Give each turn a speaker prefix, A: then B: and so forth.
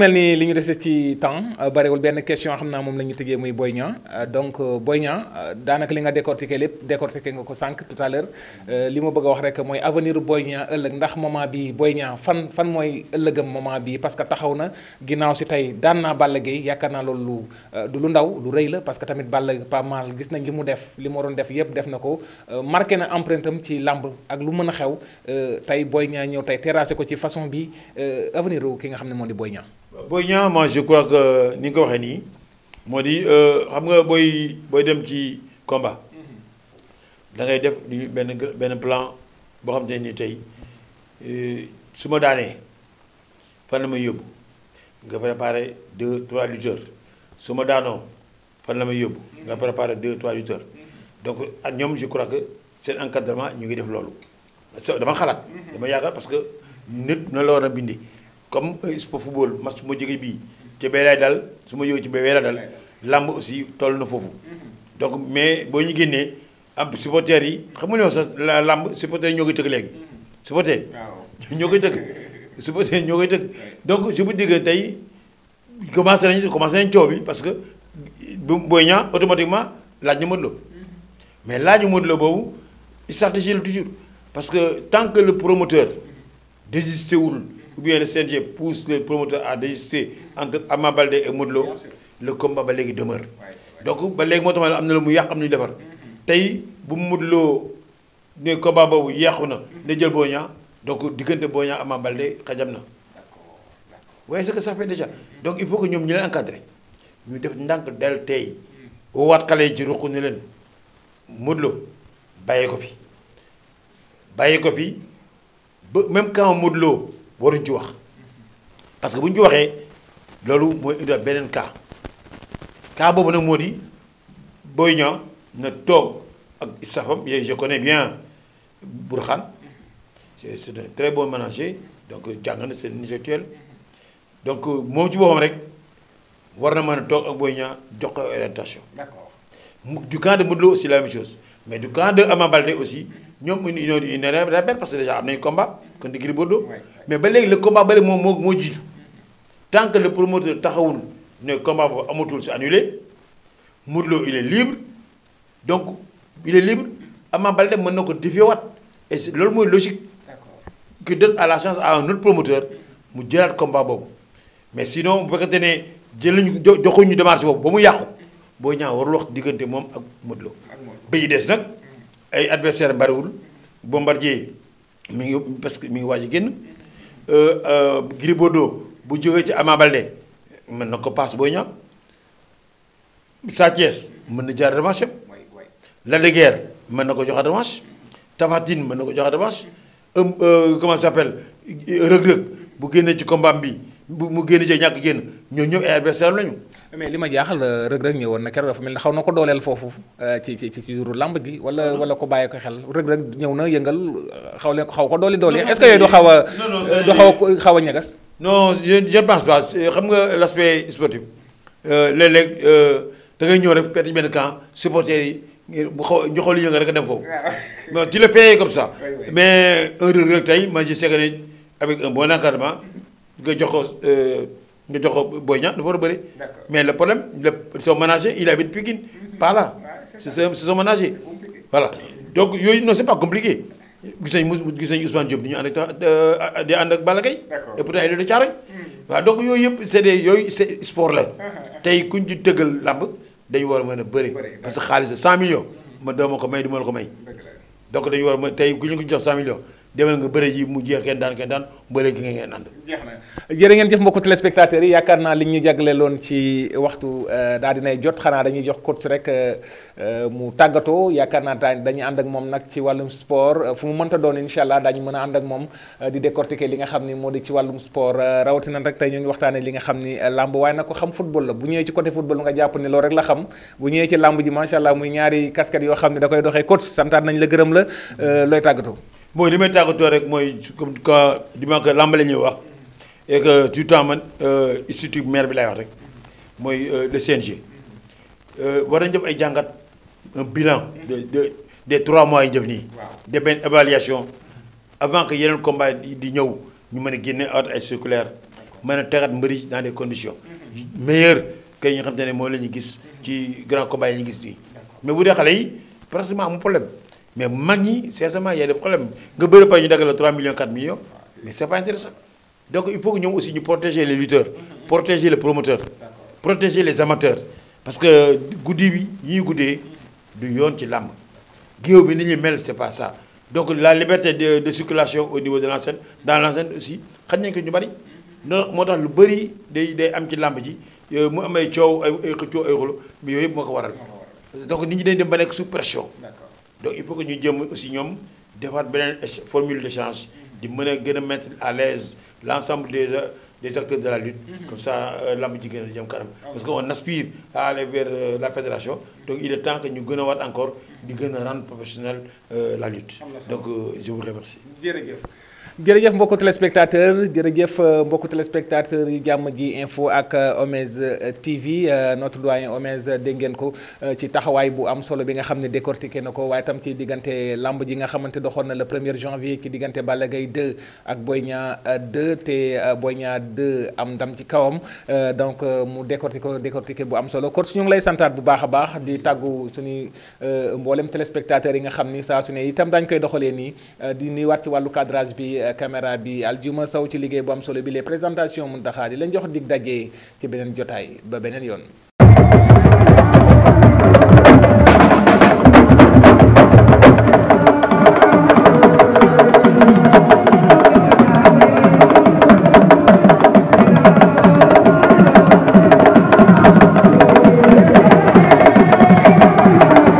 A: mel nii li ñu dese ci temps euh, bariwul benn question xam naa moom la ñu tëjee muy Boy ñaa euh, donc euh, Boy Niang daanaka li nga décortiqué lépp décortiqué nga ko sànq tout li ma bëgg a wax rek mooy avenir Boy ñaa ëllëg ndax moment bi Boy Niang fan fan mooy ëllëgam moment bi parce que taxaw na ginnaaw si tey daan naa Balla Gaye yaakaar naa loolu lu du lu ndaw lu rëy la parce que tamit Balla pas mal gis nañ li mu def li mu doon def yépp def na ko marqué na empreinte am ci làmb ak lu mën a xew tey Boy Niang ñëw tey terrassé ko ci façon bi avenir ki nga xam ne moo di Boy Niang
B: Boy Niang je crois que ni nga ko waxee nii moo di euh, xam nga booy booy dem ci combat da def du benn benn plan boo xam te ni tey euh, su ma daanee fan la may yóbbu nga préparé deux trois lutteurs su ma daanoo fan la may yóbbu nga préparé deux trois lutteurs donc ak ñoom je crois que seen encadrement ñu ngi def loolu dama xalaat dama yaakaar parce que nit na la war a bindee comme sport football match su ma jógee bii ci bee lay dal su ma jógee ci bee lay dal làmb aussi toll na foofu donc mais boo ñu génnee am supporters yi xam nga li ma sax làmb supporters yi ñoo koy tëgg léegi. supporters yi ñoo koy tëgg ñoo koy tëgg donc su bu diggee tey commencé nañ commencé nañu coow bi parce que bu Boy Niang automatiquement laaj na Modou Lô mais laaju Modou Lô boobu stratégie la toujours parce que tant que le promoteur désisté wul. ou bien le CNG pousse les promoteurs à désister entre Ama Baldé et Modou Lo le combat ba léegi demeure donc ba léegi moo tax am na la mu yàq am na ñu defar mm-hmm. tey bu mu Lo ne combat boobu yàqu na mm-hmm. ne jël Boy Niang donc diggante Boy Niang Ama Baldé xajam na waaye ce que ça fait déjà mm-hmm. donc il faut que ñoom ñu leen encadré ñu def ndànk dal tey woowaat xale yi ci ruq ni leen Modou Lo ko fi bàyyi ko fi ba même quand Modou waruñ ci wax parce que bu ñu ci waxee loolu mooy indiwaat beneen cas cas boobu nag moo di Boy Niang na toog ak istafam yooyu je connais bien Bourkhane c'est un très bon manager donc jàng na seen intellectuel donc moom ci boppam rek war na man a toog ak Boy ñaa jox ko orientation. d'accord du camp de mu Lo aussi la même chose. mais du camp de Ama Baldé aussi ñoom une union une rebelle parce que déjà am nañu combat kon di Gris mais ba léegi le combat ba léegi moo moo moo jiitu tant que le promoteur taxawul ne combat boobu amatul si annulé Modou Lo il e libre donc il est libre Ama Baldé mën na ko défier waat et loolu mooy logique qui donne à la chance à un autre promoteur mu jëlaat combat boobu mais sinon bu fekkente ne jël jëluñu joxuñu démarche boobu ba mu yàqu Boy Niang warul wax diggante moom ak Modou Lo. bi des nag ay adversaire mbariwul Bombardier mu ngi parce que mi ngi waaj a génn. Euh, euh, Gris Bordeaux bu jógee ci Ama mën na ko paas Boy Niang. Sa Thiès mën na jaar revanche am. mën na ko jox revanche. Tapha Tine mën na ko jox revanche. Euh, comment ça s'appelle Reug Reug bu génnee ci combat bi. mu génn ci ñàkk génn ñoo ñëpp ay adversaire lañu
A: mais li ma jaaxal euh, Reug Reug ñëwoon na keroog dafa mel ne xaw na ko dooleel foofu euh, ci ci ci jour làmb gi wala wala ko bàyyi ko xel Reug Reug ñëw na yëngal xaw leen ko xaw ko dooli dooli est-ce que yooyu du xaw a euh, du xaw a xaw a
B: ñagas non je pense pas xam nga l'aspect sportif léeg-léeg da ngay ñëw rek perte benn camp supporter yi bu xaw ñu xool yëngal rek dem foofu ah. non tu le fais comme ça mais un Reug Reug tey man je sais que avec un bon encadrement nga jox ko euh, nga jox ko Boy Niang dafa war a bëri. mais le problème le son manager il habite Pikine pas là c'est son c'est son manager voilà donc yooyu non c'est pas compliqué. gis nañu mu gis nañu Ousmane Diop di ñu ànd ak euh, di ànd ak Balla Gaye et pourtant il est de Thiaroye waaw hmm. donc yooyu yëpp c'est des yooyu sport la tey kuñ ci dëggal làmb dañu war a mën a bëri parce que xaalis 100 millions ma doo ko may du ma la ko may donc dañu war a tey ku ñu ko jox 100 millions demal nga bëre ji mu jeex kenn daan kenn daan mbëre ki nga ngeen ànd. jeex na jërë ngeen jëf mbokku téléspectateurs yi yaakaar naa li ñu jagleeloon ci
A: waxtu euh, daal dinay jot xanaa dañuy jox coach rek euh, euh, mu tàggatoo yaakaar naa dañuy ànd ak moom nag ci wàllum sport fu mu mënta doon incha allah daañu mën a ànd ak moom di décortiquer li nga xam ni moo di ci wàllum sport rawatina rek tey ñu ngi waxtaanee li nga xam ni làmb waaye nag ko xam football la bu ñëwee ci côté football nga jàpp ni loolu rek la xam bu ñëwee ci làmb ji macha allah muy ñaari casquette yoo xam ne da koy doxee
B: coach santaat nañ la gërëm la looy tàggatoo mooy li may tàggatoo rek mooy comme que di ma ko làmb la ñuy wax et que tout temps man euh, institut maire bi lay wax rek mooy euh, le CNG euh, war nañu def ay jàngat un bilan de de des trois mois yi ñu def nii. de évaluation avant que yeneen combat di ñëw ñu mën a génne at ay circulaire mën a tegaat mbëri dans des condition mm-hmm. meilleures que yi xam te ne moom la ñu gis ci grand combat yi ñu gis nii mais bu dee xale yi pratiquement amul problème. mais mag ñi sincèrement y a des problèmes nga bëri pare ñu daggal la 3 millions 4 millions mais c'est pas intéressant donc il faut que ñoom aussi ñu protéger les lutteurs protéger les promoteurs protéger les amateurs parce que guddi bi ñuy guddee du yoon ci làmb géew bi ni ñuy mel c'est pas ça donc la liberté de de circulation au niveau de l'enceinte dans l'enceinte aussi xam nañ ko ñu bari noonu moo tax lu bari day day am ci làmb ji euh, mu am ay coow ay ay xëccoo ay xolo yooyu yëpp waral donc nit ñi dañ dem ba nekk sous donc il faut que ñu jëm aussi ñoom defaat beneen formule d'échange di mën a gën a mettre à l'aise l'ensemble des des acteurs de la lutte mm-hmm. comme ça euh, lamb ji gën a jëm kanam ah parce que on aspire à aller vers euh, la fédération donc il est temps que ñu gën a waat encore di gën a rendre professionnel euh, la lutte
A: donc je vous remercie jërëjëf jërëjëf mbokku téléspectateur jërëjëf euh, mbokku téléspectateur yu jàmm ji info ak euh, Omez euh, TV notre doyen Omez dégg ngeen ko ci taxawaay bu am solo bi nga xam ne décortiqué na ko waaye tam ci diggante lamb ji nga xamante doxoon na la 1er janvier ci diggante Balla Gaye 2 ak Boy ñaa 2 te Boy Niang 2 am ndam ci kawam donc mu décortiqué décortiqué bu am solo kon ñu ngi lay santaat bu baax a baax di tàggu suñu mboolem téléspectateur yi nga xam ni saa su ne itam daañu koy doxalee nii di nuyuwaat ci wàllu cadrage bi. ci caméra bi aljuma saw ci liggéey bu am solo bi présentation présentations Mountakha di leen jox dig daje ci beneen jotaay ba beneen yoon